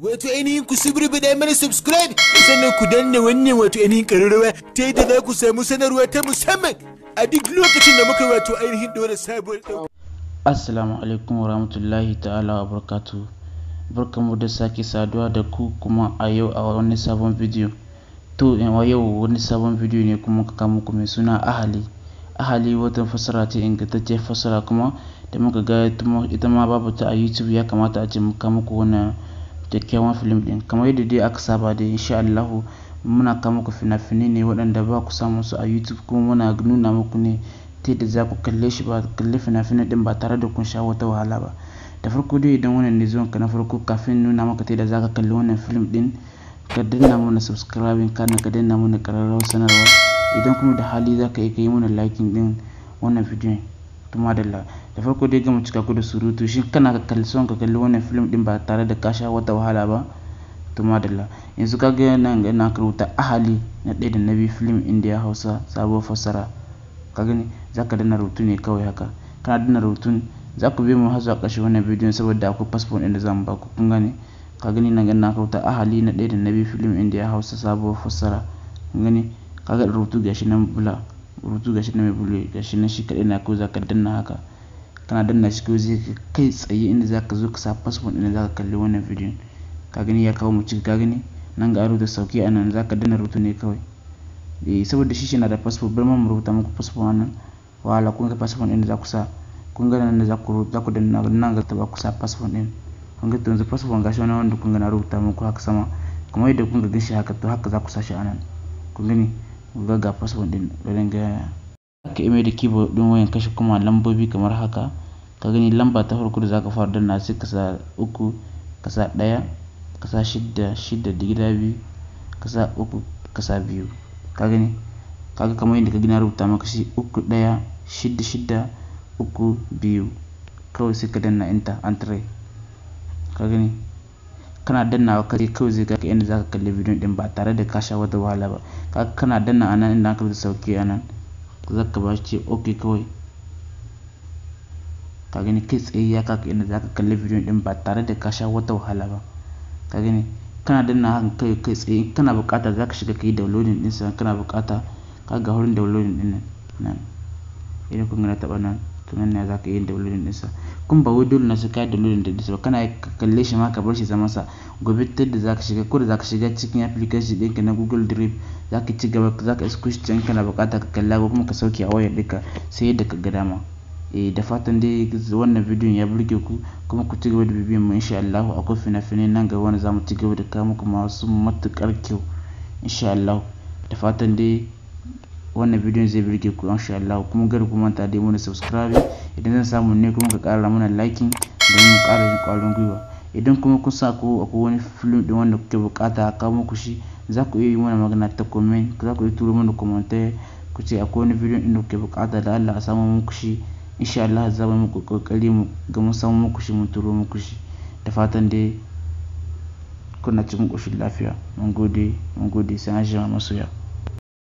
wato ainihin ku dai mana subscribe sannan ku danna wannan wato ainihin ƙararrawa ta yadda za ku samu sanarwa ta musamman a duk lokacin da muka wato ainihin da wani sabuwar Assalamu alaikum wa rahmatullahi ta'ala wa barkatu. Barkanmu da sake saduwa da ku kuma a yau a wani sabon bidiyo. To a yau wani sabon bidiyo ne kuma ka kama ku mai suna ahali. Ahali wata fasara ce ingantacce fasara kuma da muka ga ita ma babu ta a YouTube ya kamata a ce muka muku wannan kyakkyawan film ɗin kamar yadda dai aka saba da insha Allahu muna kawo muku fina-finai ne waɗanda ba ku samu su a YouTube kuma muna nuna muku ne ta yadda za ku kalle shi ba kalle fina-finai din ba tare da kun sha wata wahala ba da farko dai idan wannan ne zuwan ka na farko kafin nuna maka ta yadda za ka kalli wannan film ɗin ka danna mana subscribing na ka danna mana ƙararrawar sanarwa idan kuma da hali za ka iya ka yi mana liking ɗin wannan bidiyon tumadala da farko dai gama cika ku da surutu shi kana ka kalli son ka kalli wannan film din ba tare da kasha wata wahala ba to madalla yanzu ka ga nan ga na rubuta ahali na ɗaya da na biyu film indiya hausa sabuwar fassara ka gani za ka dana rubutu ne kawai haka kana dana rubutun za ku bi mu har zuwa ƙarshe wannan bidiyon saboda akwai passport ɗin da za mu ba ku kun gani ka gani nan ga na rubuta ahali na ɗaya da na biyu film indiya hausa sabuwar fassara kun gani ka ga rubutu gashi nan bula rutu gashi nan mai bulu gashi nan shi kaɗai na ko za ka danna haka kana danna shi ko zai kai tsaye inda za ka zo ka sa passport inda za ka kalli wannan video ka gani ya kawo mu ka gani nan ga aro da sauki a nan za ka danna rubutu ne kawai eh, saboda shi na da passport bar mu rubuta muku passport wannan wala kun ga passport inda za ku sa kun ga nan za ku za ku danna nan ga taba ku sa passport din kun ga yanzu passport shi wannan wanda kun ga na rubuta muku haka sama kuma yadda kun ga gashi haka to haka za ku sa shi a nan kun gani kun ga ga passport din ga ka imai da keyboard din wayan kashe kuma lambobi kamar haka. Ka gani lamba ta farko da ka fara danna sai kasa uku, kasa ɗaya, kasa shidda, shidda da gida biyu, kasa uku, kasa biyu. Ka gani? Kaga kamar yadda ka gina rubuta maka shi uku ɗaya, shidda shidda, uku biyu. Kawai sai ka danna enter entry. Ka gani? Kana wa kai kawai zai kai yadda za ka kalli bidiyon ɗin ba tare da ka sha wata wahala ba. Kaga kana danna anan inda aka rubuta sauke anan. zaka ba ce ok kawai ka gani kai tsaye ya kaka inda zaka kalli video din ba tare da ka sha wata wahala ba ka gani kana danna hakan kai kai tsaye kana bukata zaka shiga kai downloading din sa kana bukata kaga wurin downloading din nan idan kun ga na taba nan kamar nan ne za ka yi kun ba wai dole na sai da yi downloading ba kana kalle shi ma ka bar shi zama sa gobe ta da za ka shiga ko da za ka shiga cikin application ɗinka na google drive za ka ci gaba za ka shi can kana buƙata ka kalla ko kuma ka sauke a wayar ɗinka sai yadda ka ga dama eh da fatan dai wannan bidiyon ya burge ku kuma ku ci gaba da bibiyan mu insha Allah akwai fina-finai nan gaba wanda zamu mu ci gaba da kawo muku masu matuƙar kyau insha Allah da fatan dai wannan bidiyon zai birge ku insha Allah kuma gari kuma ta da mu subscribe idan zan samu ne kuma ka ƙara mana like don mu ƙara jin ƙwarin gwiwa idan kuma kun sa ko akwai wani film din wanda kuke bukata ka ku shi za ku yi mana magana ta comment za ku yi turo mana comment ku ce akwai wani bidiyon din da kuke bukata da Allah a samu muku shi insha Allah za mu muku kokari mu ga mu samu muku shi mun turo muku shi da fatan dai kuna cikin ƙoshin lafiya mun gode mun gode sai an masoya